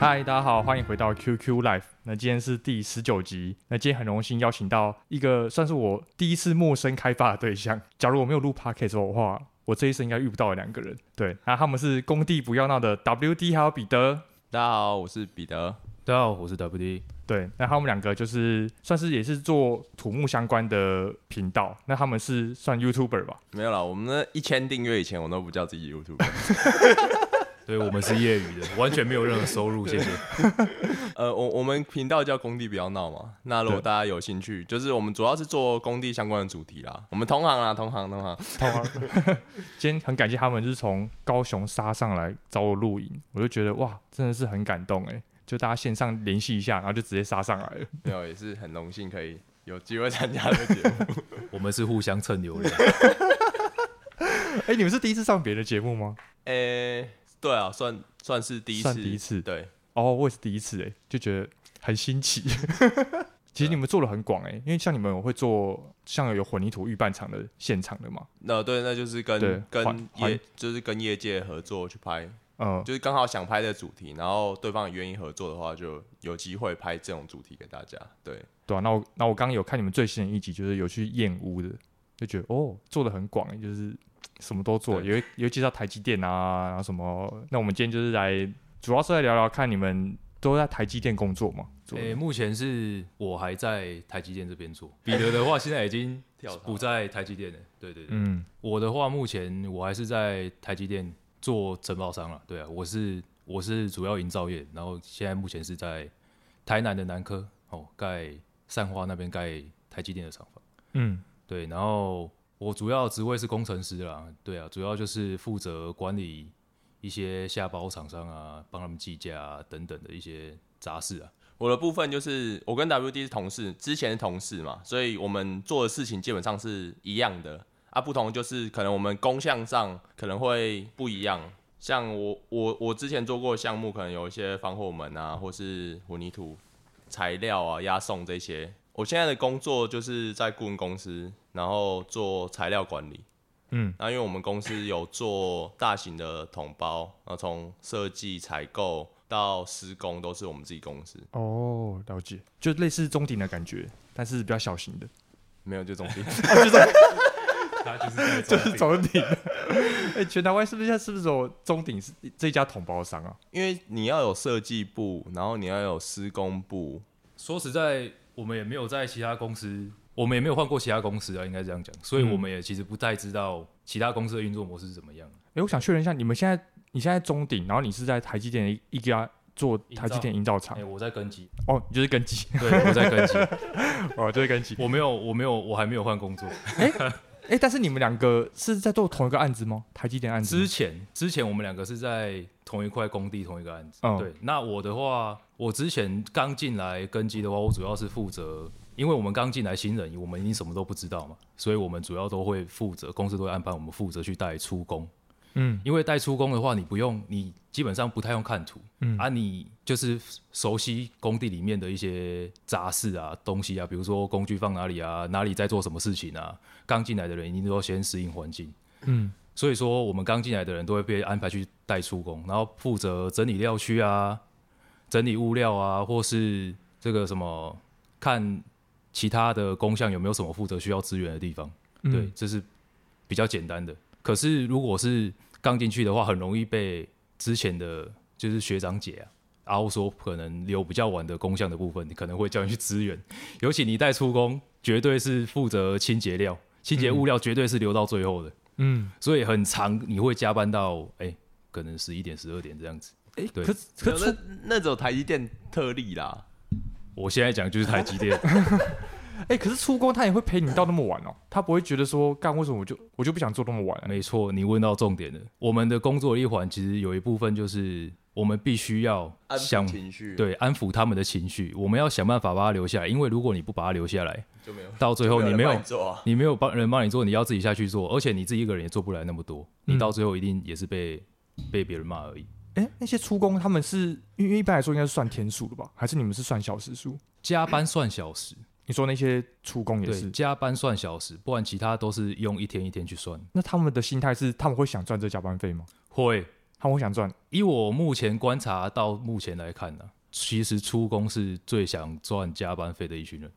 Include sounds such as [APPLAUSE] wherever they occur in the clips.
嗨，Hi，大家好，歡迎回到 QQ Life。那今天是第十九集。那今天很榮幸邀請到一個算是我第一次陌生開發的對象。假如我沒有錄 podcast 的話，我這一生應該遇不到的兩個人。對，那他們是工地不要鬧的 WD 還有彼得。大家好，我是彼得。大家好，我是 WD。對，那他們兩個就是算是也是做土木相關的頻道。那他們是算 YouTuber 吧？沒有啦，我們的一千訂閱以前，我都不叫自己 YouTuber。 [LAUGHS] [LAUGHS] 所以我們是業餘的， [LAUGHS] 完全沒有任何收入。謝謝。呃，我我們頻道叫工地不要鬧嘛。那如果大家有興趣，對就是我們主要是做工地相關的主題啦。我們同行啊，同行，同行，同通行。 [LAUGHS] 今天很感謝他們，就是從高雄殺上來找我錄影，我就覺得哇，真的是很感動哎。就大家線上聯繫一下，然後就直接殺上來了。對啊，也是很榮幸可以有機會參加這個節目。 [LAUGHS] 我們是互相蹭流量。哎、 [LAUGHS] 欸，你們是第一次上別的節目嗎？呃、欸。對啊，算，算是第一次，算第一次。對，哦，oh, 我也是第一次哎、欸，就覺得很新奇。 [LAUGHS] 其實你們做的很廣哎、欸，因為像你們會做像有，有混凝土預拌廠的現場的嘛。那、no, 對，那就是跟對跟業還就是跟業界合作去拍，嗯，就是剛好想拍的主題，然後對方願意合作的話，就有機會拍這種主題給大家。對，對啊，那我那我剛剛有看你們最新的一集，就是有去驗屋的，就覺得哦，做的很廣、欸、就是。什麼都做，尤對尤其是到台積電啊，然後什麼？那我們今天就是來，主要是來聊聊看你們都在台積電工作嘛？誒、欸，目前是我還在台積電這邊做，彼得的話現在已經不在台積電了。對對對，嗯，我的話目前我還是在台積電做承包商了。對啊，我是我是主要營造業，然後現在目前是在台南的南科哦，蓋善化那邊蓋台積電的廠房。嗯，對，然後。我主要職位是工程師啦，對啊，主要就是負責管理一些下包廠商啊，幫他們計價啊，等等的一些雜事啊。我的部分就是我跟 WD 是同事，之前的同事嘛，所以我們做的事情基本上是一樣的啊，不同就是可能我們工項上可能會不一樣。像我我我之前做過項目，可能有一些防火門啊，或是混凝土材料啊，押送這些。我現在的工作就是在顧問公司，然後做材料管理。嗯，那、啊、因為我們公司有做大型的統包，然後從設計、採購到施工都是我們自己公司。哦，了解，就類似中鼎的感覺，但是比較小型的。沒有，就中鼎， [LAUGHS] [LAUGHS] 就是中鼎，就是中鼎。哎，全台灣是不是是不是有中鼎是這家統包商啊？因為你要有設計部，然後你要有施工部。說實在。我們也沒有在其他公司，我們也沒有換過其他公司啊，應該這樣講。所以我們也其實不太知道其他公司的運作模式是怎麼樣的。哎、嗯，欸，我想確認一下，你們現在你現在中鼎，然後你是在台積電的一家做台積電營造廠？哎、欸，我在根基。哦，你就是根基？對，我在根基。哦，對，根基。我沒有，我沒有，我還沒有換工作。欸哎、欸，但是你們兩個是在做同一個案子嗎？台積電案子？之前，之前我們兩個是在同一塊工地，同一個案子。哦、對。那我的話，我之前剛進來根基的話，我主要是負責，因為我們剛進來新人，我們已經什麼都不知道嘛，所以我們主要都會負責，公司都會安排我們負責去帶出工。嗯，因為帶出工的話，你不用，你基本上不太用看圖，嗯啊，你就是熟悉工地裡面的一些雜事啊、東西啊，比如說工具放哪裡啊，哪裡在做什麼事情啊。剛進來的人，一定都要先適應環境，嗯，所以說我們剛進來的人都會被安排去帶出工，然後負責整理料區啊、整理物料啊，或是這個什麼看其他的工項有沒有什麼負責需要支援的地方，嗯、對，這是比較簡單的。可是，如果是剛進去的話，很容易被之前的就是學長姐啊，然、啊、烏說可能留比較晚的工項的部分，你可能會叫你去支援。尤其你帶出工，絕對是負責清潔料、清潔物料，絕對是留到最後的。嗯，所以很常你會加班到哎、欸，可能十一點、十二點這樣子。哎、欸，對。可可是你 那種台積電特例啦，我現在講就是台積電。 [LAUGHS] [LAUGHS] 哎、欸，可是出工他也會陪你到那麼晚哦、喔，他不會覺得說幹，為什麼我就我就不想做那麼晚、欸？沒錯，你問到重點了。我們的工作一環其實有一部分就是我們必須要想，對，安撫他們的情緒。我們要想辦法把他留下來，因為如果你不把他留下來，就沒有到最後你沒有，沒有你、啊、你沒有幫人幫你做，你要自己下去做，而且你自己一個人也做不來那麼多，嗯、你到最後一定也是被被別人罵而已。哎、欸，那些出工他們是因為一般來說，應該是算天數的吧？還是你們是算小時數？加班算小時。嗯你說那些出工也是加班算小時，不然其他都是用一天一天去算。那他們的心態是，他們會想賺這加班費嗎？會，他們會想賺。以我目前觀察到目前來看呢，其實出工是最想賺加班費的一群人。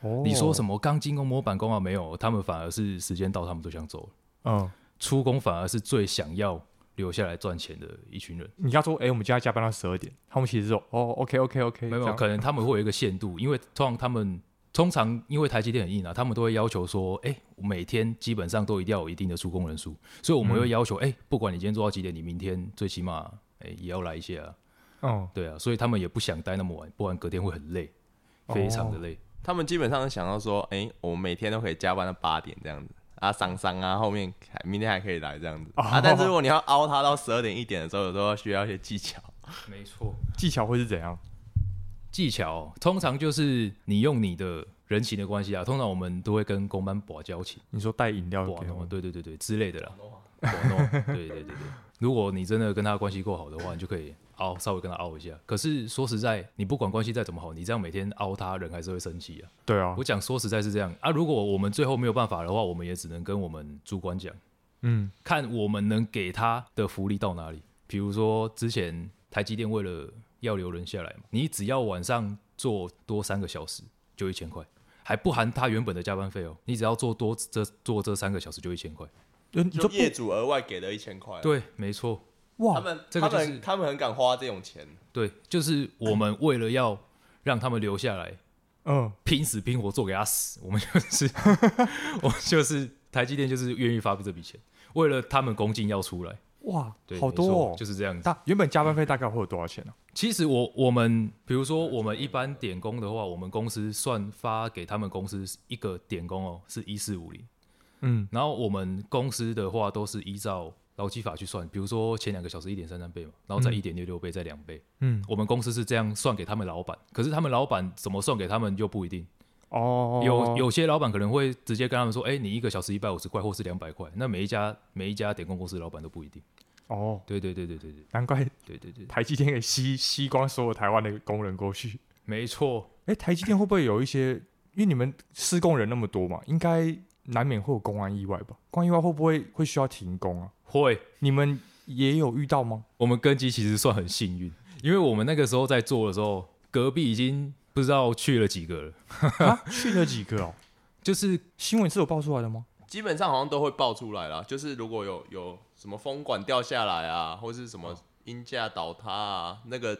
哦，你說什麼鋼筋工模板工啊沒有？他們反而是時間到他們都想走嗯，出工反而是最想要留下來賺錢的一群人。你要說哎，我們今天加班到十二點，他們其實說哦，OK OK OK，沒有，沒有，可能他們會有一個限度，因為通常他們。通常因為台積電很硬啊，他們都會要求說，哎、欸，我每天基本上都一定要有一定的出工人數，所以我們會要求，哎、嗯欸，不管你今天做到幾點，你明天最起碼、欸，也要來一些啊。哦，對啊，所以他們也不想待那麼晚，不然隔天會很累，嗯、非常的累、哦。他們基本上是想到說，哎、欸，我們每天都可以加班到八點這樣子啊，桑桑啊，後面明天還可以來這樣子、哦、啊，但是如果你要凹他到十二點一點的時候，有時候需要一些技巧，沒錯，技巧會是怎樣？技巧通常就是你用你的人情的關係啊，通常我們都會跟工班博交情。你說帶飲料的朋友，對對對對之類的啦、啊，對對對對。 [LAUGHS] 如果你真的跟他關係夠好的話，你就可以拗，稍微跟他拗一下。可是說實在，你不管關係再怎麼好，你這樣每天拗，他人還是會生氣啊。對啊，我講說實在是這樣啊。如果我們最後沒有辦法的話，我們也只能跟我們主管講，嗯，看我們能給他的福利到哪裡。比如說之前台積電為了要留人下來嘛，你只要晚上做多三個小時，就一千塊，還不含他原本的加班費哦、喔。你只要做多這做這三個小時，就一千塊。就業主額外給的一千塊。對，沒錯。哇，他們、這個就是、他們、他們很敢花這種錢。對，就是我們為了要讓他們留下來，嗯，拼死拼活做給他死，我們就是， [LAUGHS] [LAUGHS] 我們就是台積電，就是願意發這筆錢，為了他們工進要出來。哇，對好多哦，就是這樣子。那原本加班費大概會有多少錢呢？嗯，其實我我們比如說我們一般點工的話，我們公司算發給他們公司一個點工哦，是一四五零，嗯，然後我們公司的話都是依照勞基法去算，比如說前兩個小時一點三三倍嘛，然後再一點六六倍，再兩倍，嗯，我們公司是這樣算給他們老板，可是他們老板怎麼算給他們就不一定哦。有有些老板可能會直接跟他們說，哎，你一個小時一百五十塊或是兩百塊，那每一家每一家點工公司老板都不一定。哦，oh, 對對對對對對，難怪，對對對，台積電給吸吸光所有台灣的工人過去，沒錯。哎、欸，台積電會不會有一些，因為你們施工人那麼多嘛，應該難免會有工安意外吧？工安意外會不會會需要停工啊？會，你們也有遇到嗎？我們根基其實算很幸運，因為我們那個時候在做的時候，隔壁已經不知道去了幾個了，蛤 [LAUGHS] 去了幾個哦，就是新聞是有爆出來的嗎？基本上好像都會爆出來啦，就是如果有有什麼風管掉下來啊，或是什麼鷹架倒塌啊，那個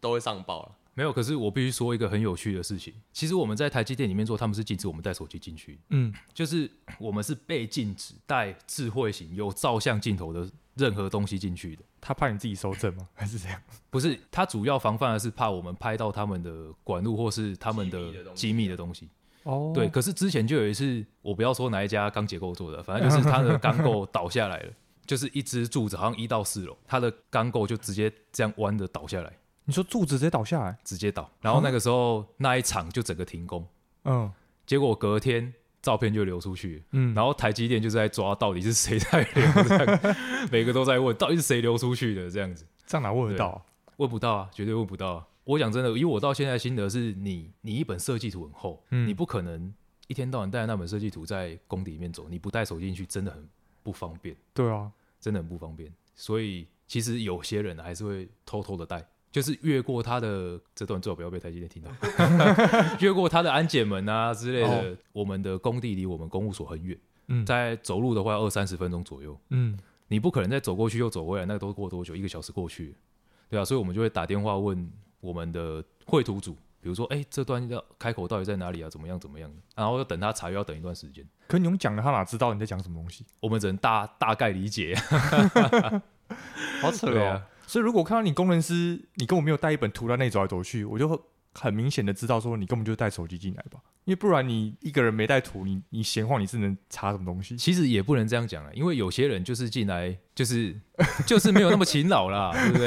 都會上報。沒有，可是我必須說一個很有趣的事情，其實我們在台積電裡面做，他們是禁止我們帶手機進去。嗯，就是我們是被禁止帶智慧型有照相鏡頭的任何東西進去的。他怕你自己搜證嗎？還是這樣？不是，他主要防範的是怕我們拍到他們的管路或是他們的機密的東西。哦，oh. 對，可是之前就有一次，我不要說哪一家鋼結構做的，反正就是它的鋼構倒下來了， [LAUGHS] 就是一隻柱子，好像一到四樓，它的鋼構就直接這樣彎着倒下來。你說柱子直接倒下來，直接倒。然後那個時候 [LAUGHS] 那一場就整個停工。嗯。結果隔天照片就流出去，嗯，然後台積電就是在抓到底是誰在流， [LAUGHS] 每個都在問到底是誰流出去的這樣子。上哪問得到？問不到啊，絕對問不到啊。我講真的，因為我到現在心得是你，你一本設計圖很厚，嗯、你不可能一天到晚帶着那本設計圖在工地裡面走，你不帶手機進去真的很不方便。對啊，真的很不方便。所以其實有些人還是會偷偷的帶，就是越過他的這段，最好不要被台積電聽到。 [LAUGHS] [LAUGHS] 越過他的安檢門啊之類的。哦、我們的工地離我們公務所很遠，在、嗯、走路的話二三十分鐘左右，嗯，你不可能再走過去又走回來，那個、都過多久？一個小時過去，對啊，所以我們就會打電話問。我們的繪圖組，比如說，哎，這段要開口到底在哪裡啊？怎麼樣？怎麼樣、啊？然後要等他查又要等一段時間。可你用講的，他哪知道你在講什麼東西？我們只能大大概理解， [LAUGHS] [LAUGHS] 好扯哦。啊、所以如果看到你工程師，你根本沒有帶一本圖在那走來走去，我就很明顯的知道說你根本就帶手機進來吧。因為不然你一個人沒帶圖，你你閒晃你是能查什麼東西？其實也不能這樣講了、啊，因為有些人就是進來就是就是沒有那麼勤勞啦， [LAUGHS] 對不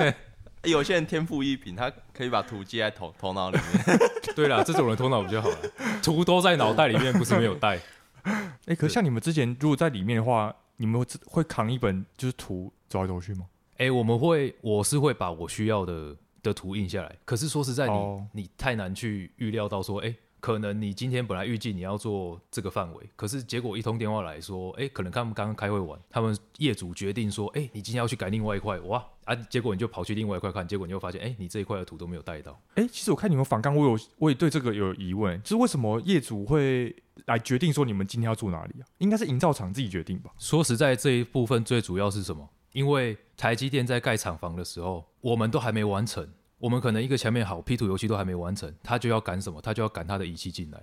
對？ [LAUGHS] 有些人天賦異稟，他可以把圖記在頭 [LAUGHS] 頭腦裡面。 [LAUGHS] 對啦，這種人頭腦比較好啦。圖都在腦袋裡面，不是沒有帶對、欸。可是像你們之前如果在裡面的話，你們會扛一本就是圖對 走來走去嗎、欸？我們會，我是會把我需要的的圖印下來。可是說實在你，你、oh. 你太難去預料到說，欸可能你今天本來預計你要做這個範圍，可是結果一通電話來說，誒、欸，可能他們剛剛開會完，他們業主決定說，誒、欸，你今天要去改另外一塊，哇，啊，結果你就跑去另外一塊看，結果你就發現，誒、欸，你這一塊的圖都沒有帶到。誒、欸，其實我看你們房剛，我有我也對這個有疑問，就是為什麼業主會來決定說你們今天要住哪裡啊？應該是營造廠自己決定吧？說實在，這一部分最主要是什麼？因為台積電在蓋廠房的時候，我們都還沒完成。我們可能一個牆面好，P 圖油漆都還沒完成，他就要趕什麼？他就要趕他的儀器進來。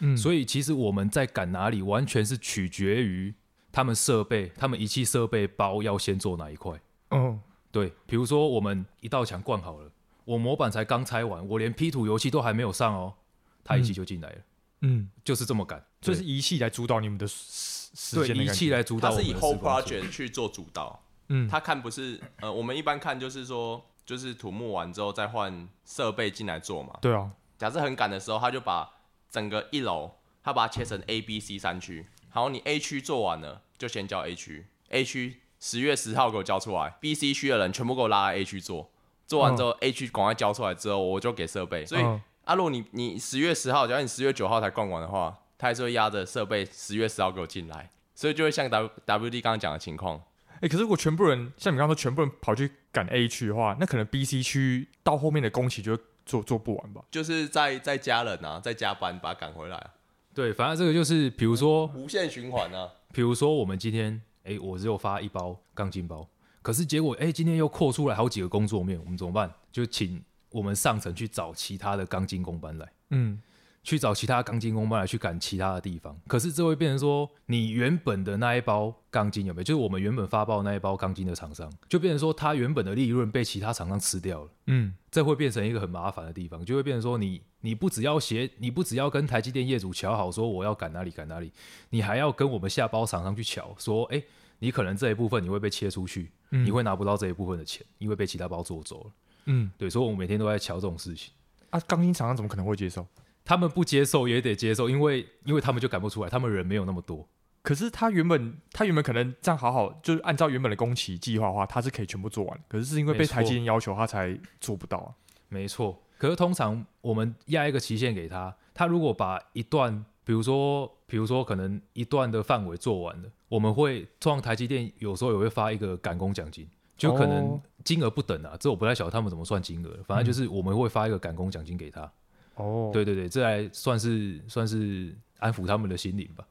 嗯，所以其實我們在趕哪裡，完全是取決於他們設備、他們儀器設備包要先做哪一塊。嗯、哦，對，比如說我們一道牆灌好了，我模板才剛拆完，我連 P 圖油漆都還沒有上哦、喔，他儀器就進來了。嗯，就是這麼趕，嗯、所以是儀器來主導你們的時時間。儀器來主導我們。他是以 whole project 去做主導。嗯，他看不是呃，我們一般看就是說，就是土木完之後再換設備進來做嘛。對啊。假設很趕的時候，他就把整個一樓，他把它切成 A、B、嗯、C 三區。好，你 A 區做完了，就先交 A 區。A 區十月十號給我交出來，B、C 區的人全部給我拉來 A 區做。做完之後、嗯、，A 區趕快交出來之後，我就給設備。所以啊如果、嗯啊，你你十月十號，假如你十月九號才逛完的話，他還是會壓着設備十月十號給我進來，所以就會像 WWD 剛剛講的情況。哎，可是如果全部人像你剛剛說全部人跑去趕 A 區的話，那可能 B、C 區到後面的工期就做做不完吧？就是在在加人啊，在加班把它趕回來啊。對，反正這個就是，比如說，嗯，無限循環啊。比如說我們今天，哎，我只有發一包鋼筋包，可是結果，哎，今天又擴出來好幾個工作面，我們怎麼辦？就請我們上層去找其他的鋼筋工班來。嗯。去找其他鋼筋工班來去趕其他的地方。可是這會變成說，你原本的那一包鋼筋有沒有？就是我們原本發包的那一包鋼筋的廠商，就變成說，他原本的利潤被其他廠商吃掉了。嗯，這會變成一個很麻煩的地方，就會變成說你，你你不只要寫，你不只要跟台積電業主瞧好說我要趕哪裡趕哪裡，你還要跟我們下包廠商去喬。說，哎、欸，你可能這一部分你會被切出去，嗯、你會拿不到這一部分的錢，因為被其他包做走了。嗯，對，所以我們每天都在喬這種事情。啊，鋼筋廠商怎麼可能會接受？他們不接受也得接受，因為因為他們就趕不出來，他們人沒有那麼多。可是他原本他原本可能這樣好好，就是按照原本的工期計劃的話，他是可以全部做完。可是是因為被台積電要求，他才做不到啊。沒錯。可是通常我們壓一個期限給他，他如果把一段，比如說比如說可能一段的範圍做完了，我們會通台積電有時候也會發一個趕工獎金，就可能金額不等啊，哦，這我不太曉得他們怎麼算金額，反正就是我們會發一個趕工獎金給他。哦，oh. 對對對，這還算是算是安撫他們的心靈吧。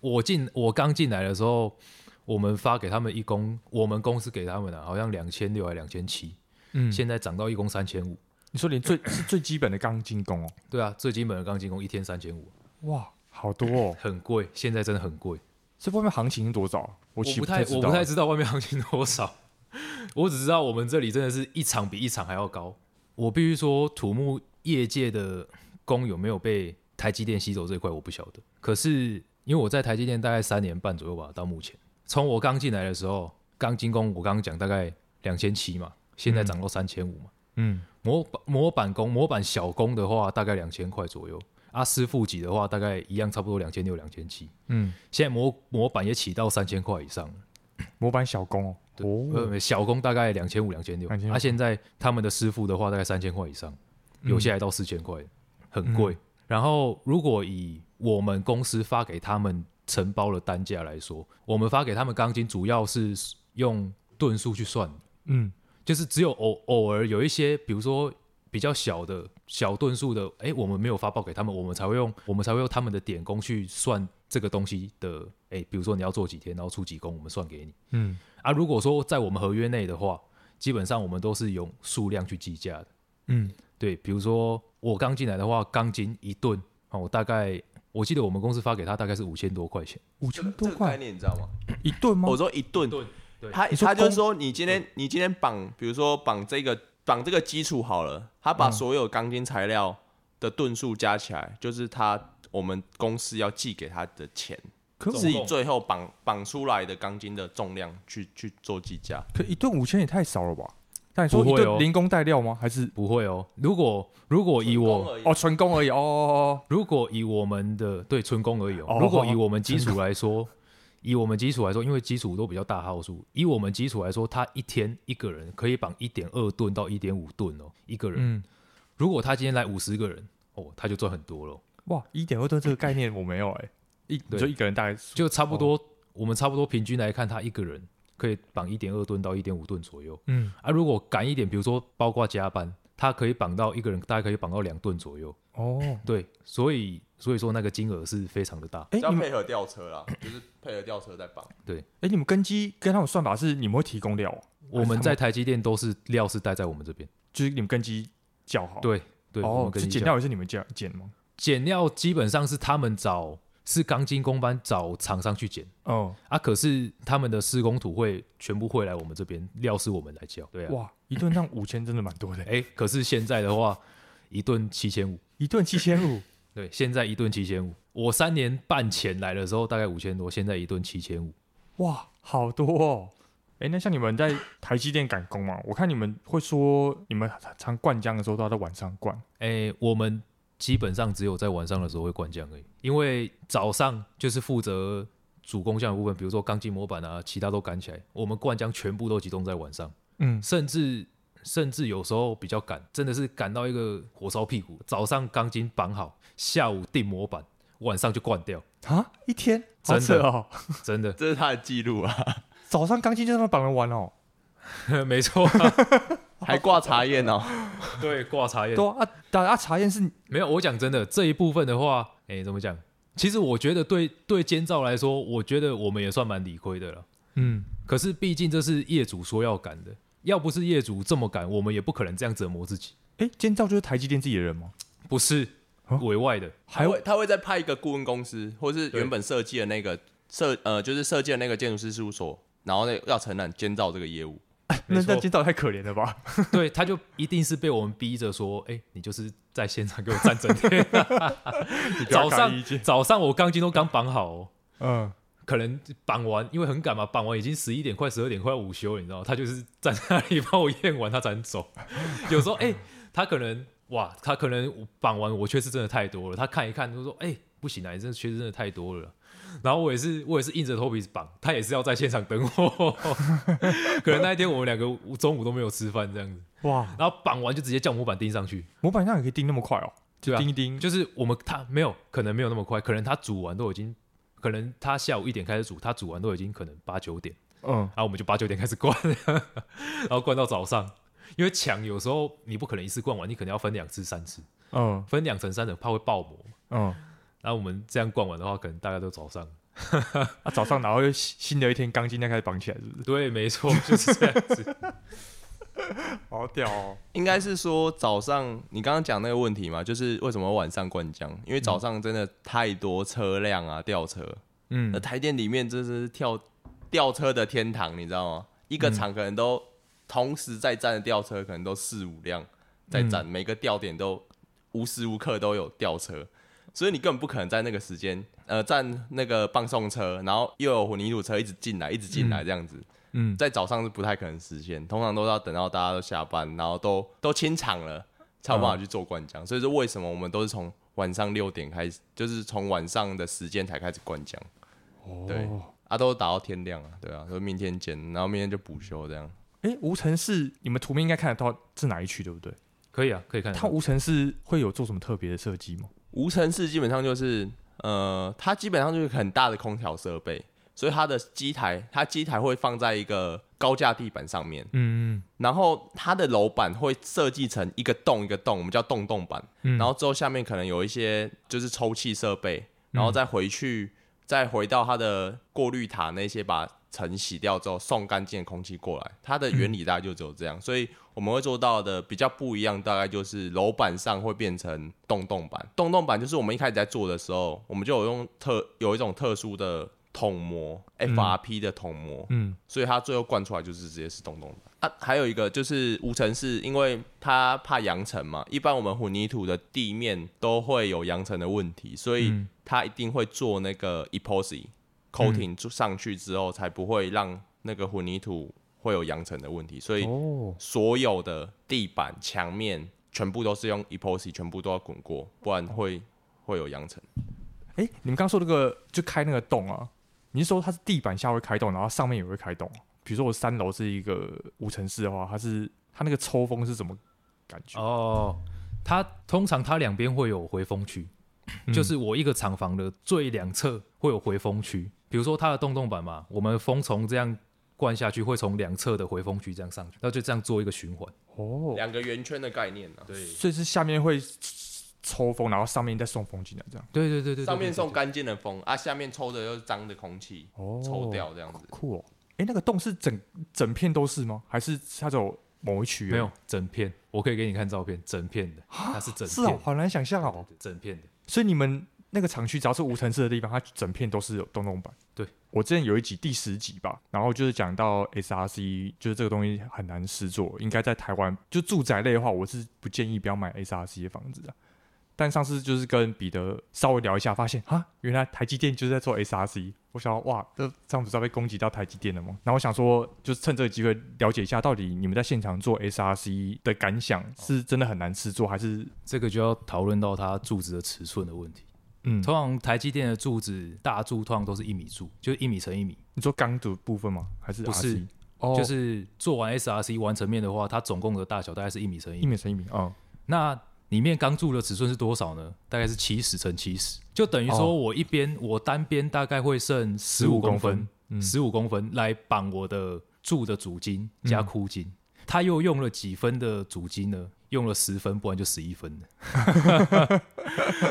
我進我剛進來的時候，我們發給他們一工，我們公司給他們的、啊、好像兩千六還兩千七，嗯，現在漲到一工三千五。你說你最 [COUGHS] 是最基本的鋼筋工哦？對啊，最基本的鋼筋工一天三千五，哇，好多哦，很貴，現在真的很貴。這外面行情多少？我不太，知道我，不太我不太知道外面行情多少， [LAUGHS] 我只知道我們這裡真的是一場比一場還要高。我必須說土木。業界的工有沒有被台積電吸走這一塊，我不曉得。可是因為我在台積電大概三年半左右吧，到目前，從我剛進來的時候，鋼筋工我剛剛講大概兩千七嘛，現在漲到三千五嘛嗯。嗯，模模板工、模板小工的話，大概兩千塊左右。啊，師傅級的話，大概一樣，差不多兩千六、兩千七。嗯，現在模模板也起到三千塊以上。模板小工哦，對哦小工大概兩千五、兩千六。他、啊、現在他們的師傅的話，大概三千塊以上。有些還到四千塊，嗯、很貴。嗯、然後，如果以我們公司發給他們承包的單價來說，我們發給他們鋼筋主要是用噸數去算。嗯，就是只有偶偶爾有一些，比如說比較小的、小噸數的，哎，我們沒有發報給他們，我們才會用，我們才會用他們的點工去算這個東西的。哎，比如說你要做幾天，然後出幾工，我們算給你。嗯。啊，如果說在我們合約內的話，基本上我們都是用數量去計價的。嗯。對，比如說我剛進來的話，鋼筋一噸啊，我、哦、大概我記得我們公司發給他大概是塊、這個、五千多塊錢，五千多塊，這個概念你知道嗎？一噸嗎？我說一噸，對，他他就是說你今天對你今天綁，比如說綁這個綁這個基礎好了，他把所有鋼筋材料的噸數加起來，嗯、就是他我們公司要寄給他的錢，是以不最後綁綁出來的鋼筋的重量去去做計價。可一噸五千也太少了吧？說你說零工帶料嗎？還是不會哦、喔？如果如果以我哦純工而已， [LAUGHS] 哦，工而已哦哦哦，哦，如果以我們的對純工而已、喔、哦，哦，哦，如果以我們基礎來說，功以我們基礎來說，因為基礎都比較大號數，以我們基礎來說，他一天一個人可以綁一點二噸到一點五噸哦，一個人。嗯、如果他今天來五十個人哦、喔，他就賺很多了。哇，一點二噸這個概念我沒有哎、欸， [LAUGHS] 一就一個人大概就差不多，哦、我們差不多平均來看他一個人。可以綁一點二噸到一點五噸左右。嗯啊，如果趕一點，比如說包括加班，他可以綁到一個人大概可以綁到兩噸左右。哦，對，所以所以說那個金額是非常的大。哎，要配合吊車啦，欸、就是配合吊車在綁。對，哎、欸，你們跟機跟他們算法是你們會提供料？我們在台積電都是料是帶在我們這邊，就是你們跟機叫好。對對，對哦，去剪料也是你們剪剪嗎？剪料基本上是他們找。是鋼筋工班找廠商去撿哦啊，可是他們的施工圖會全部會來我們這邊，料是我們來交，對啊，哇，一噸上五千真的蠻多的，哎、 [COUGHS] 欸，可是現在的話，一噸七千五，一噸七千五， [COUGHS] 對，現在一噸七千五，我三年半前來的時候大概五千多，現在一噸七千五，哇，好多哦，哎、欸，那像你們在台積電趕工嘛，我看你們會說你們常灌漿的時候都要在晚上灌。哎、欸，我們。基本上只有在晚上的時候會灌漿而已，因為早上就是負責主工項的部分，比如說鋼筋模板啊，其他都趕起來。我們灌漿全部都集中在晚上，嗯，甚至甚至有時候比較趕，真的是趕到一個火燒屁股。早上鋼筋綁好，下午定模板，晚上就灌掉啊！一天，哦，真的哦，真的， [LAUGHS] 這是他的記錄啊！早上鋼筋就那麼綁完哦， [LAUGHS] 沒錯、啊。 [LAUGHS] 還掛查驗呢？對，掛查驗多啊！大家查驗是沒有。我講真的，這一部分的話，哎、欸，怎麼講？其實我覺得對對監造來說，我覺得我們也算蠻理虧的了。嗯，可是畢竟這是業主說要趕的，要不是業主這麼趕，我們也不可能這樣折磨自己。誒、欸，監造就是台積電自己的人嗎？不是，啊、委外的，還會他會再派一個顧問公司，或是原本設計的那個對設呃，就是設計的那個建築師事務所，然後呢、那個、要承攬監造這個業務。那、哎、那今早太可憐了吧？ [LAUGHS] 對，他就一定是被我們逼着說，哎、欸，你就是在現場給我站整天，啊。 [LAUGHS] 早上早上我鋼筋都剛綁好，哦，嗯，可能綁完，因為很趕嘛，綁完已經十一點快，十二點快十二點，快要午休，你知道，他就是站在那裡幫我驗完，他才走。 [LAUGHS] 有時候，哎、欸，他可能哇，他可能綁完我缺失真的太多了，他看一看就說，哎、欸，不行啊，你這缺失真的太多了。然後我也是，我也是硬着頭皮綁，他也是要在現場等我。 [LAUGHS] 可能那一天我們兩個中午都沒有吃飯這樣子。哇！然後綁完就直接叫模板釘上去。模板上也可以釘那麼快哦？釘一釘對啊。釘一釘，就是我們他沒有，可能沒有那麼快。可能他煮完都已經，可能他下午一點開始煮，他煮完都已經可能八九點。嗯。然後、啊、我們就八九點開始灌， [LAUGHS] 然後灌到早上，因為牆有時候你不可能一次灌完，你可能要分兩次、三次。嗯。分兩層、三層，怕會爆模。嗯。然後、啊、我們這樣灌完的話，可能大概都早上， [LAUGHS] 啊早上，然後又新的一天鋼筋那開始綁起來是不是， [LAUGHS] 對，沒錯，就是這樣子， [LAUGHS] 好屌哦！應該是說早上，你剛剛講那個問題嘛，就是為什麼晚上灌漿？因為早上真的太多車輛啊，吊車，嗯，台電裡面真的是跳吊車的天堂，你知道嗎？一個廠可能都、嗯、同時在站的吊車，可能都四五輛在站，每個吊點都、嗯、無時無刻都有吊車。所以你根本不可能在那個時間，呃，站那個泵送車，然後又有混凝土車一直進來，一直進來這樣子，嗯，嗯，在早上是不太可能實現，通常都要等到大家都下班，然後都都清場了，才有辦法去做灌漿。嗯、所以說為什麼我們都是從晚上六點開始，就是從晚上的時間才開始灌漿，哦，對，啊，都打到天亮啊，對啊，說明天見，然後明天就補休這樣。哎、欸，無塵室，你們圖面應該看得到是哪一區對不對？可以啊，可以看，看。他無塵室會有做什麼特別的設計嗎？無塵室基本上就是，呃，它基本上就是很大的空調設備，所以它的機台，它機台會放在一個高架地板上面，嗯，嗯，嗯，然後它的樓板會設計成一個洞一個洞，我們叫洞洞板，嗯，然後之後下面可能有一些就是抽氣設備，然後再回去，嗯，再回到它的過濾塔那些吧。塵洗掉之後，送乾淨的空氣過來，它的原理大概就只有這樣。嗯、所以我們會做到的比較不一樣，大概就是樓板上會變成洞洞板。洞洞板就是我們一開始在做的時候，我們就有用特有一種特殊的桶膜，嗯、，FRP 的桶膜，嗯，所以它最後灌出來就是直接是洞洞板啊。還有一個就是無塵室，因為它怕揚塵嘛，一般我們混凝土的地面都會有揚塵的問題，所以它一定會做那個 epoxy 頭停就上去之後，才不會讓那個混凝土會有揚塵的問題。所以所有的地板、牆面全部都是用 epoxy，全部都要滾過，不然會會有揚塵。嗯欸、你們剛說那個就開那個洞啊？你是說它是地板下會開洞，然後上面也會開洞？比如說我三樓是一個無塵室的話，它是它那個抽風是怎麼感覺？哦，嗯、它通常它兩邊會有回風區，嗯、就是我一個廠房的最兩側會有回風區。比如說它的洞洞板嘛，我們風從這樣灌下去，會從兩側的回風區這樣上去，那就這樣做一個循環哦，兩個圓圈的概念呢、啊。對，所以是下面會抽風，然後上面再送風進來，這樣。對對，對對對對，上面送乾淨的風對對對對啊，下面抽的又是髒的空氣，哦、抽掉這樣子。酷哦，哎、欸，那個洞是整整片都是嗎？還是它就某一區域、啊？沒有，整片，我可以給你看照片，整片的。它是整片。是哦，好難想象哦，整片的。所以你們。那個廠區只要是無塵室的地方，它整片都是有洞洞板。對，我之前有一集第十集吧，然後就是講到 S R C，就是這個東西很難施作，對應該在台灣就住宅類的話，我是不建議不要買 S R C 的房子的。但上次就是跟彼得稍微聊一下，發現啊，原來台積電就是在做 S R C，我想到哇，這這樣子不是要被攻擊到台積電了嗎？然後我想說，就是趁這個機會了解一下，到底你們在現場做 S R C 的感想，是真的很難施作，還是這個就要討論到它柱子的尺寸的問題？通常台積電的柱子大柱，通常都是一米柱，就是一米乘一米。你說鋼柱部分嗎？還是不是？哦，就是做完 SRC 完成面的話，它總共的大小大概是一米乘一米乘一米啊。那裡面鋼柱的尺寸是多少呢？大概是七十乘七十，就等於說我一邊我單邊大概會剩十五公分，十五公分來綁我的柱的主筋加箍筋。他又用了幾分的主筋呢？用了十分，不然就十一分。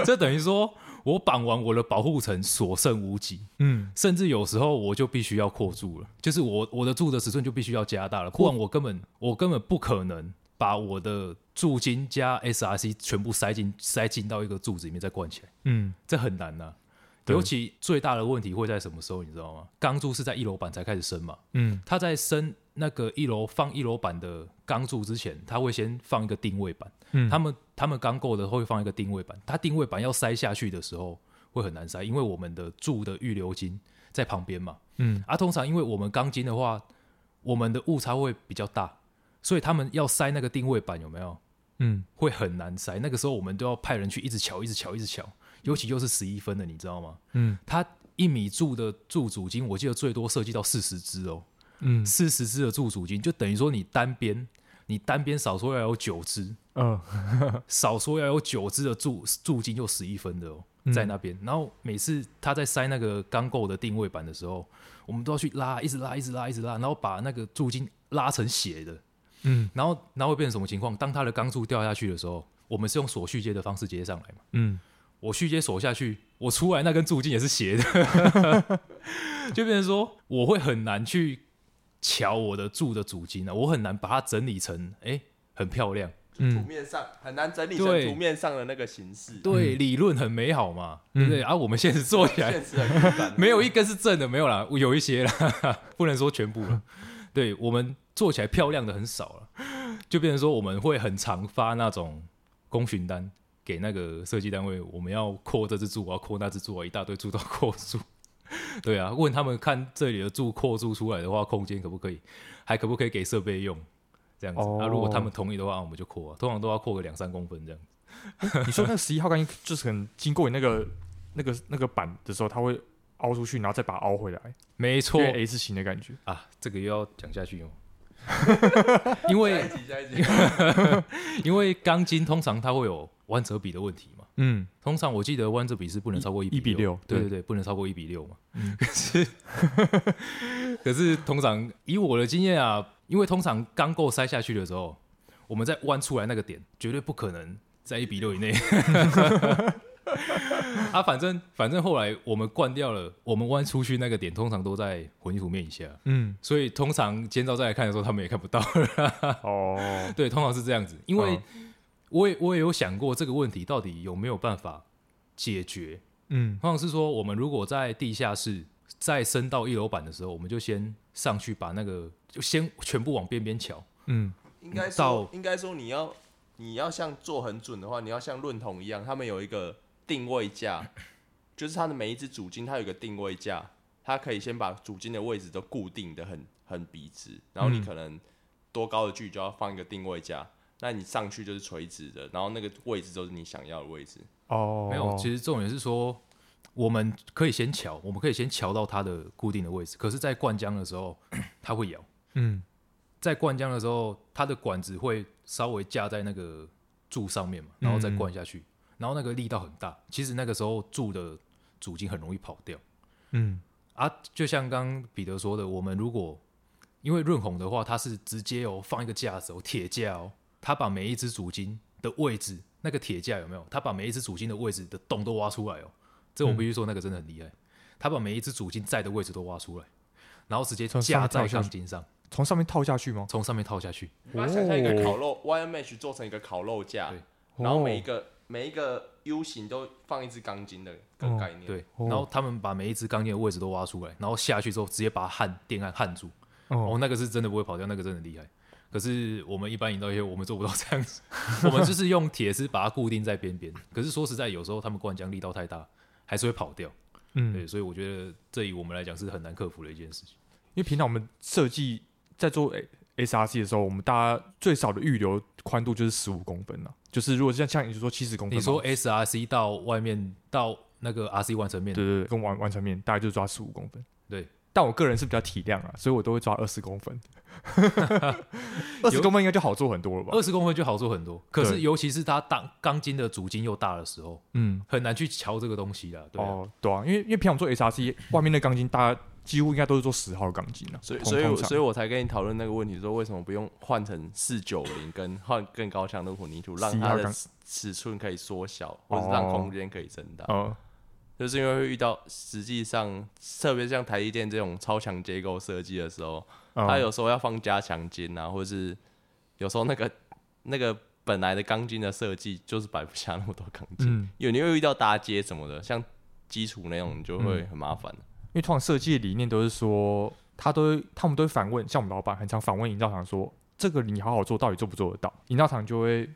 這等於說。我綁完我的保護層，所剩無幾。嗯，甚至有時候我就必須要擴柱了，就是我我的柱的尺寸就必須要加大了。不然我根本我根本不可能把我的柱筋加 SRC 全部塞進塞進到一個柱子裡面再灌起來。嗯，這很難吶，啊。對尤其最大的問題會在什麼時候，你知道嗎？鋼柱是在一樓板才開始升嘛。嗯，它在升那個一樓放一樓板的鋼柱之前，它會先放一個定位板。嗯，他們。他們鋼構的會放一個定位板。它定位板要塞下去的時候會很難塞，因為我們的柱的預留筋在旁邊嘛。嗯，啊，通常因為我們鋼筋的話，我們的誤差會比較大，所以他們要塞那個定位板有沒有？嗯，會很難塞。那個時候我們都要派人去一直敲、一直敲、一直敲，尤其就是十一分的，你知道嗎？嗯，它一米柱的柱主筋，我記得最多設計到四十支哦。嗯，四十支的柱主筋就等於說你單邊。你單邊少說要有九支，嗯，oh. [LAUGHS] 少說要有九支的柱柱筋，就十一分的哦，在那邊。嗯、然後每次他在塞那個鋼構的定位板的時候，我們都要去拉，一直拉，一直拉，一直拉，直拉然後把那個柱筋拉成斜的，嗯然，然後然後會變成什麼情況？當他的鋼柱掉下去的時候，我們是用鎖續接的方式接上來嘛，嗯，我續接鎖下去，我出來那根柱筋也是斜的， [LAUGHS] 就變成說我會很難去。喬我的柱的主筋呢，我很難把它整理成哎、欸、很漂亮，圖面上、嗯、很難整理成圖面上的那個形式。對，嗯、理論很美好嘛，嗯、對而、啊、我們現實做起來，現實很慘， [LAUGHS] 沒有一根是正的，沒有啦，有一些啦， [LAUGHS] 不能說全部了。 [LAUGHS] 對我們做起來漂亮的很少了，就變成說我們會很常發那種工訊單給那個設計單位，我們要擴這只柱，我要擴那只柱，一大堆柱都擴柱。對啊，問他們看這裡的柱擴柱出來的話，空間可不可以，還可不可以給設備用？這樣子，那、哦啊、如果他們同意的話，啊、我們就擴、啊，通常都要擴個兩三公分這樣以 [LAUGHS] 你說那十一號鋼筋就是可能經過你那個那個那個板的時候，它會凹出去，然後再把它凹回來，沒錯 A 字型的感覺啊，這個又要講下去用。 [LAUGHS] [LAUGHS] 因為 [LAUGHS] [LAUGHS] 因為鋼筋通常它會有彎折比的問題。嗯，通常我記得彎這筆是不能超過一，一比六，對對，對，對不能超過一比六嘛。嗯、可是， [LAUGHS] 可是通常以我的經驗啊，因為通常剛夠塞下去的時候，我們再彎出來那個點絕對不可能在一比六以內。 [LAUGHS] [LAUGHS] [LAUGHS] 啊，反正反正後來我們灌掉了，我們彎出去那個點通常都在混凝土面以下。嗯，所以通常監造再來看的時候，他們也看不到了、啊。哦，對，通常是這樣子，因為。我也我也有想過這個問題，到底有沒有辦法解決，嗯，好像是說我們如果在地下室再升到一樓板的時候，我們就先上去把那個就先全部往邊邊敲。嗯，到 應該應該說你要你要像做很準的話，你要像論筒一樣，他們有一個定位架，就是它的每一只主筋它有個定位架，它可以先把主筋的位置都固定的很很筆直，然後你可能多高的距離就要放一個定位架。嗯那你上去就是垂直的，然後那個位置都是你想要的位置哦。Oh. 沒有，其實重點是說，我們可以先瞧，我們可以先瞧到它的固定的位置。可是，在灌漿的時候， [COUGHS] 它會搖。嗯，在灌漿的時候，它的管子會稍微架在那個柱上面嘛，然後再灌下去，嗯、然後那個力道很大。其實那個時候柱的主筋很容易跑掉。嗯，啊，就像剛彼得說的，我們如果因為潤紅的話，它是直接哦放一個架子哦鐵架哦。他把每一只主筋的位置那個鐵架有沒有？他把每一只主筋的位置的洞都挖出來哦、喔。這我必須說，那個真的很厲害。他把每一只主筋在的位置都挖出來，然後直接從架在鋼筋上，從上面套下,下去嗎？從上面套下去。它、哦、想象一個烤肉、哦、，Y M H 做成一個烤肉架，對然後每一個、哦、每一個 U 型都放一只鋼筋的個、哦、概念。對。然後他們把每一只鋼筋的位置都挖出來，然後下去之後直接把焊電焊焊住。哦,哦。那個是真的不會跑掉，那個真的厲害。可是我們一般引導一些我們做不到這樣子， [LAUGHS] 我們就是用鐵絲把它固定在邊邊。可是說實在，有時候他們灌漿力道太大，還是會跑掉。嗯，對，所以我覺得這以我們來講是很難克服的一件事情。因為平常我們設計在做 S R C 的時候，我們大家最少的預留寬度就是十五公分了、啊。就是如果像像你說七十公分，你說 S R C 到外面到那個 R C 完成面，對對對，跟完完成面大概就是抓十五公分，對。但我個人是比較體諒啊，所以我都會抓二十公分，二 [LAUGHS] 十公分應該就好做很多了吧？二十公分就好做很多，可是尤其是它當鋼筋的主筋又大的時候，嗯，很難去敲這個東西的。對啊、哦，對啊，因為因為平常做 SRC 外面的鋼筋，大家幾乎應該都是做十號鋼筋啊。所以所以所以我才跟你討論那個問題，說，為什麼不用換成四九零跟換更高強的混凝土，讓它的尺寸可以縮小，或是讓空間可以增大。哦哦就是因為會遇到實、實際上特別像台積電這種超強結構設計的時候，嗯、它有時候要放加強筋啊，或者是有時候那個那個本來的鋼筋的設計就是擺不下那麼多鋼筋，嗯、因為你會遇到搭接什麼的，像基礎那種你就會很麻煩、嗯。因為通常設計理念都是說，他都他們都反問，像我們老板很常反問營造廠說。這個你好好做到底做不做得到？你那廠就會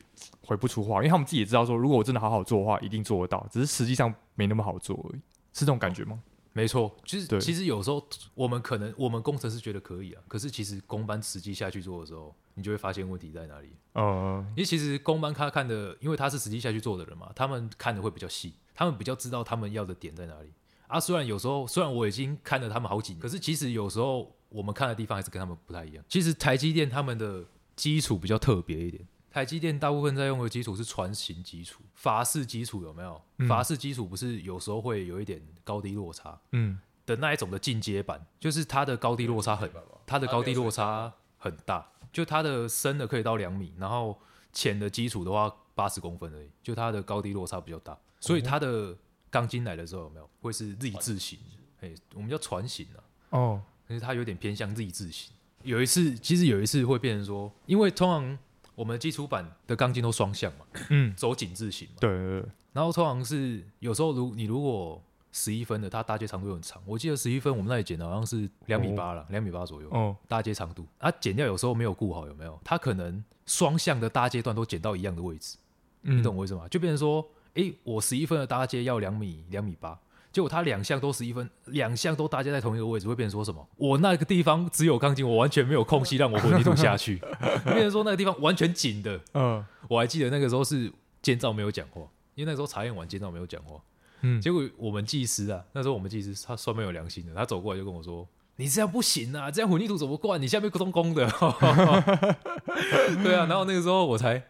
回不出話，因為他們自己也知道說，如果我真的好好做的話，一定做得到。只是實際上沒那麼好做而已，是這種感覺嗎？沒錯，其、就、實、是、對其實有時候我們可能我們工程師覺得可以啊，可是其實工班實際下去做的時候，你就會發現問題在哪裡。嗯、呃，因為其實工班他看的，因為他是實際下去做的人嘛，他們看的會比較細，他們比較知道他們要的點在哪裡。啊，雖然有時候雖然我已經看了他們好幾年，可是其實有時候。我們看的地方還是跟他們不太一樣。其實台積電他們的基礎比較特別一點。台積電大部分在用的基礎是船型基礎，筏式基礎，有沒有？嗯、筏式基礎不是有時候會有一點高低落差嗯，嗯的那一種的進階版，就是它的，它的高低落差很，它的高低落差很大，就它的深的可以到兩米，然後淺的基礎的話八十公分而已，就它的高低落差比較大，所以它的鋼筋來的時候有沒有會是 L 字型？哎傳，我們叫船型、啊、哦。其實它有點偏向立字型。有一次，其實有一次會變成說，因為通常我們基礎版的鋼筋都雙向嘛，嗯，走井字型嘛，對，對，對。然後通常是有時候如你如果十一分的，它搭接長度又很長。我記得十一分我們那裡剪的好像是兩米八了，兩、哦、米八左右。哦，搭接長度啊，剪掉有時候沒有顧好有沒有？它可能雙向的搭接段都剪到一樣的位置，嗯、你懂我意思嗎？就變成說，哎、欸，我十一分的搭接要兩米兩米八。結果他兩項都十一分，兩項都搭接在同一個位置，會變成說什麼？我那個地方只有鋼筋，我完全沒有空隙讓我混凝土下去， [LAUGHS] 會變成說那個地方完全緊的。嗯，我還記得那個時候是監造沒有講話，因為那個時候查驗完監造沒有講話，嗯，結果我們技師啊，那時候我們技師他算沒有良心的，他走過來就跟我說：“你這樣不行啊，這樣混凝土怎麼灌？你下面空空的。 [LAUGHS] [LAUGHS] 嗯” [LAUGHS] 對啊，然後那個時候我才。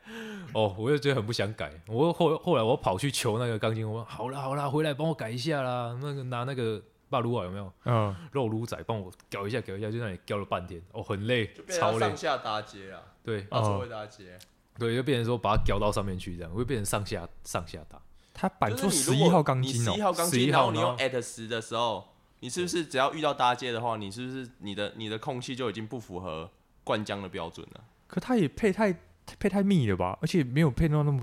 哦，我又覺得很不想改。我後後來我跑去求那個鋼筋，我說：“好啦好啦，回來幫我改一下啦。”那個拿那個把擼啊有沒有？嗯，肉擼仔幫我搞一下，搞一下，就在那裡搞了半天，哦，很累，超累。上下搭接啊，對，來搭接，嗯、對，就變成說把它搞到上面去這樣，會變成上下上下搭。它擺出十一號鋼筋哦、喔，十一號鋼筋，然後你用 AT 十的時候，嗯、你是不是只要遇到搭接的話，你是不是你的你的空隙就已經不符合灌漿的標準了？可它也配太。配太密了吧，而且沒有配到那麼，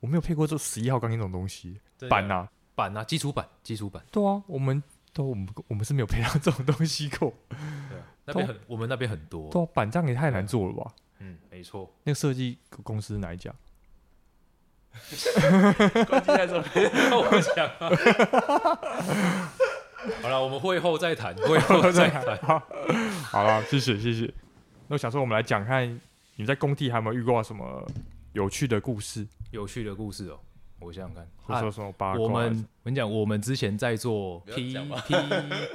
我沒有配過這十一號鋼筋這種東西，啊、板吶，啊、板吶，啊、基礎板基礎板。板對啊，我們都我們我們是沒有配到這種東西過對，啊，都那邊很我們那邊很多。對，啊，板仗也太難做了吧？啊、嗯，沒錯。那個設計公司來講，哪一家？ [LAUGHS] 關機在這邊，我想。好了，我們會後再談，會後再談。 [LAUGHS] 好了，謝謝謝謝。那我想說我們來講看。你在工地還有沒有遇過什麼有趣的故事？有趣的故事哦，我想想看，啊、說說八卦。我跟你講，我們之前在做 P P, P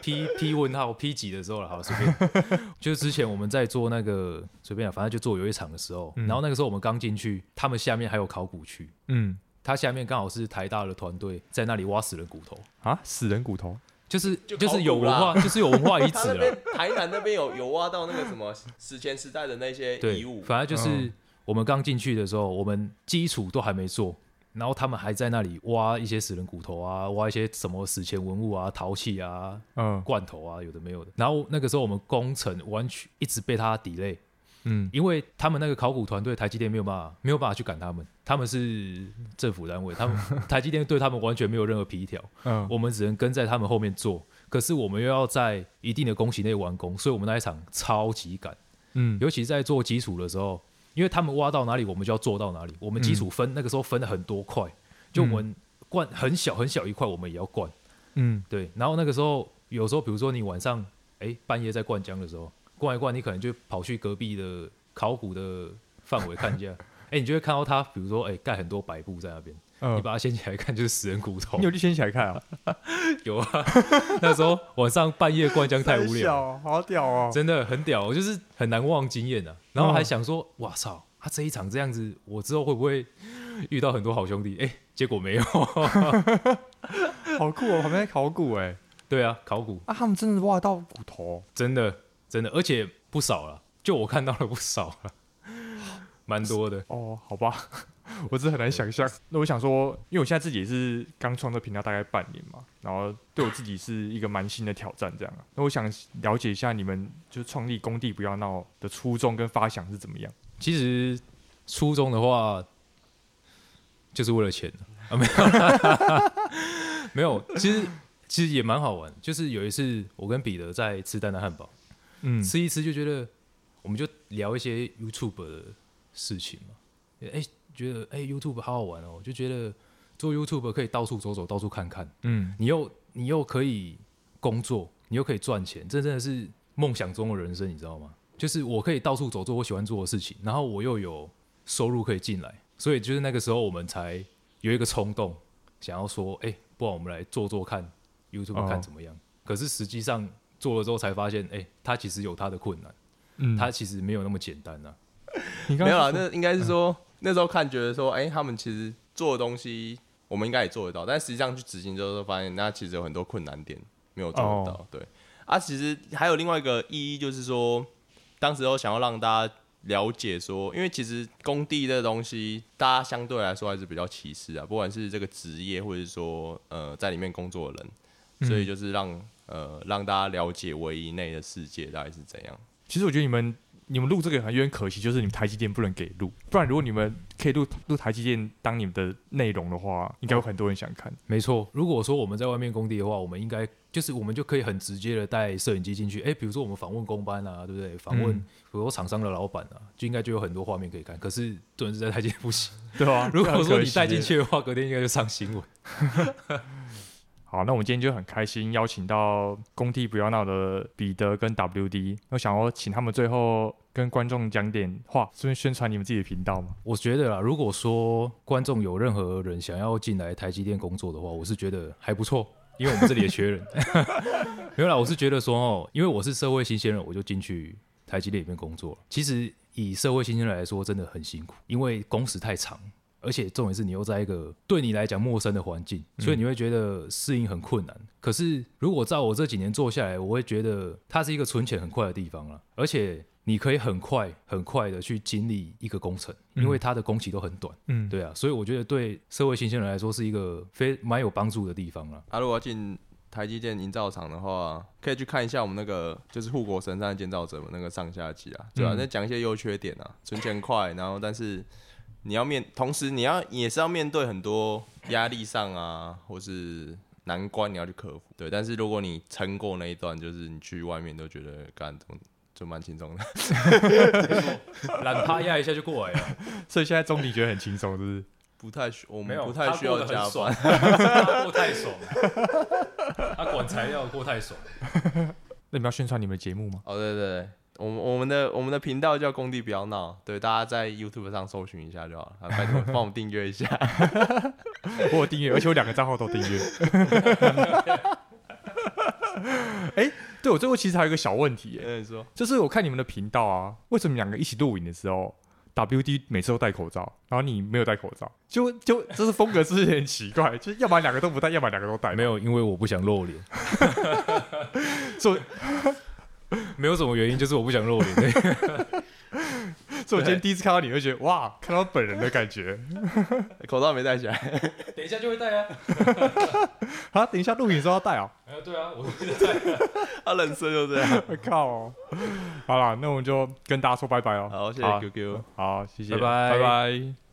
P P 問號 P 幾的時候了，好隨便。 [LAUGHS] 就是之前我們在做那個隨便啊，反正就做遊樂場的時候，嗯、然後那個時候我們剛進去，他們下面還有考古區。嗯，他下面剛好是台大的團隊在那裡挖死人骨頭啊，死人骨頭。就是就,就是有文化， [LAUGHS] 就是有文化遺址了 [LAUGHS] 台南那邊有有挖到那個什麼史前時代的那些遺物。對，反正就是我們剛進去的時候，嗯、我們基礎都還沒做，然後他們還在那裡挖一些死人骨頭啊，挖一些什麼史前文物啊、陶器啊、嗯、罐頭啊，有的沒有的。然後那個時候我們工程完全一直被他 delay。嗯，因為他們那個考古團隊，台積電沒有辦法，沒有辦法去趕他們。他們是政府單位，他們台積電對他們完全沒有任何皮條。嗯， [LAUGHS] 我們只能跟在他們後面做，可是我們又要在一定的工期內完工，所以我們那一場超級趕。嗯，尤其在做基礎的時候，因為他們挖到哪裡，我們就要做到哪裡。我們基礎分、嗯、那個時候分了很多塊，就我們灌很小很小一塊，我們也要灌。嗯，對。然後那個時候，有時候比如說你晚上，哎、欸，半夜在灌漿的時候。逛一逛，你可能就跑去隔壁的考古的範圍看一下，哎， [LAUGHS] 欸、你就會看到他，比如說，哎、欸，蓋很多白布在那邊，嗯、你把它掀起來看，就是死人骨頭。你有去掀起來看啊？ [LAUGHS] 有啊， [LAUGHS] 那時候晚上半夜灌漿太無聊，好，好屌哦，真的很屌，我就是很難忘經驗啊。然後還想說，嗯、哇操，他這一場這樣子，我之後會不會遇到很多好兄弟？哎、欸，結果沒有 [LAUGHS] [LAUGHS] 好酷哦，旁邊在考古哎、欸，對啊，考古啊，他們真的挖得到骨頭，真的。真的，而且不少了，就我看到了不少了，蠻多的哦。好吧，我是很難想象。對那我想說，因為我現在自己也是剛創作頻道大概半年嘛，然後對我自己是一個蠻新的挑戰，這樣。那我想了解一下你們，就是創立工地不要鬧的初衷跟發想是怎麼樣？其實初衷的話，就是為了錢啊，沒有， [LAUGHS] [LAUGHS] 沒有。其實其實也蠻好玩，就是有一次我跟彼得在吃蛋蛋漢堡。嗯，吃一吃就覺得，我們就聊一些 YouTube 的事情嘛。哎，覺得哎、欸、YouTube 好好玩哦、喔，就覺得做 YouTube 可以到處走走，到處看看。嗯，你又你又可以工作，你又可以賺錢，這真的是夢想中的人生，你知道嗎？就是我可以到處走，做我喜歡做的事情，然後我又有收入可以進來。所以就是那個時候，我們才有一個衝動，想要說，哎，不然我們來做做看 YouTube 看怎麼樣。可是實際上。做了之後才發現，哎、欸，他其實有他的困難，嗯，他其實沒有那麼簡單吶、啊。你剛剛沒有了，那應該是說、嗯、那時候看覺得說，哎、欸，他們其實做的東西，我們應該也做得到，但實際上去執行之後發現，那其實有很多困難點沒有做得到。哦、對，啊，其實還有另外一個意義，就是說，當時都想要讓大家了解說，因為其實工地這東西，大家相對來說還是比較歧視啊，不管是這個職業，或者是說，呃，在裡面工作的人。所以就是讓、嗯、呃，讓大家了解圍籬內的世界到底是怎樣。其實我覺得你們你們錄這個還有點可惜，就是你們台積電不能給錄。不然如果你們可以錄錄台積電當你們的內容的話，應該有很多人想看。哦、沒錯，如果說我們在外面工地的話，我們應該就是我們就可以很直接的帶攝影機進去。哎、欸，比如說我們訪問工班啊，對不對？訪問、嗯、比如廠商的老闆啊，就應該就有很多畫面可以看。可是這陣在台積電不行， [LAUGHS] 對吧、啊？如果說你帶進去的話， [LAUGHS] 隔天應該就上新聞。 [LAUGHS] [LAUGHS] 好，那我們今天就很開心，邀請到工地不要鬧的彼得跟 WD，我想要請他們最後跟觀眾講點話，順便宣傳你們自己的頻道嘛。我覺得啦，如果說觀眾有任何人想要進來台積電工作的話，我是覺得還不錯，因為我們這裡也缺人。 [LAUGHS] [LAUGHS] 沒有啦，我是覺得說哦，因為我是社會新鮮人，我就進去台積電裡面工作。其實以社會新鮮人來說，真的很辛苦，因為工時太長。而且重點是你又在一個對你來講陌生的環境，所以你會覺得適應很困難。嗯、可是如果照我這幾年做下來，我會覺得它是一個存錢很快的地方了，而且你可以很快很快的去經歷一個工程，因為它的工期都很短。嗯，對啊，所以我覺得對社會新鮮人來說是一個非蠻有幫助的地方了。啊，如果要進台積電營造廠的話，可以去看一下我們那個就是護國神山建造者那個上下集啊，對啊，嗯、那講一些優缺點啊，存錢快，然後但是。你要面，同時你要也是要面對很多壓力上啊，或是難關你要去克服。對，但是如果你撐過那一段，就是你去外面都覺得幹，就蠻輕鬆的。沒錯，懶趴壓一下就過來了。 [LAUGHS] 所以現在鍾鼎覺得很輕鬆，是不是？不太需，沒有，我們不太需要加班過。 [LAUGHS] [LAUGHS] 過太爽，他管材料過太爽。 [LAUGHS] 那你們要宣傳你們的節目嗎？哦，對對對。我我們的我們的頻道叫工地不要鬧，對，大家在 YouTube 上搜尋一下就好了，啊、拜託幫我訂閱一下，我有訂閱，而且我兩個賬號都訂閱。哎，對，我最後其實還有一個小問題。欸，欸、你說，就是我看你們的頻道啊，為什麼兩個一起錄影的時候，W D 每次都戴口罩，然後你沒有戴口罩，就就這是風格？是不是有點奇怪？ [LAUGHS] 就是要不兩個都不戴，要不兩個都戴，沒有， [LAUGHS] [LAUGHS] [LAUGHS] 因為我不想露臉，沒有什麼原因，就是我不想露臉。是 [LAUGHS] 我今天第一次看到你，就覺得對哇，看到本人的感覺。 [LAUGHS] 口罩沒戴起來， [LAUGHS] 等一下就會戴啊。好、 [LAUGHS] 啊，等一下錄影的時候要戴哦、啊。哎、欸，對啊，我記得戴。 [LAUGHS] 啊，冷色就這樣。我靠、哦！好了，那我們就跟大家說拜拜哦。好，謝謝 QQ。好，謝謝。拜拜，拜拜。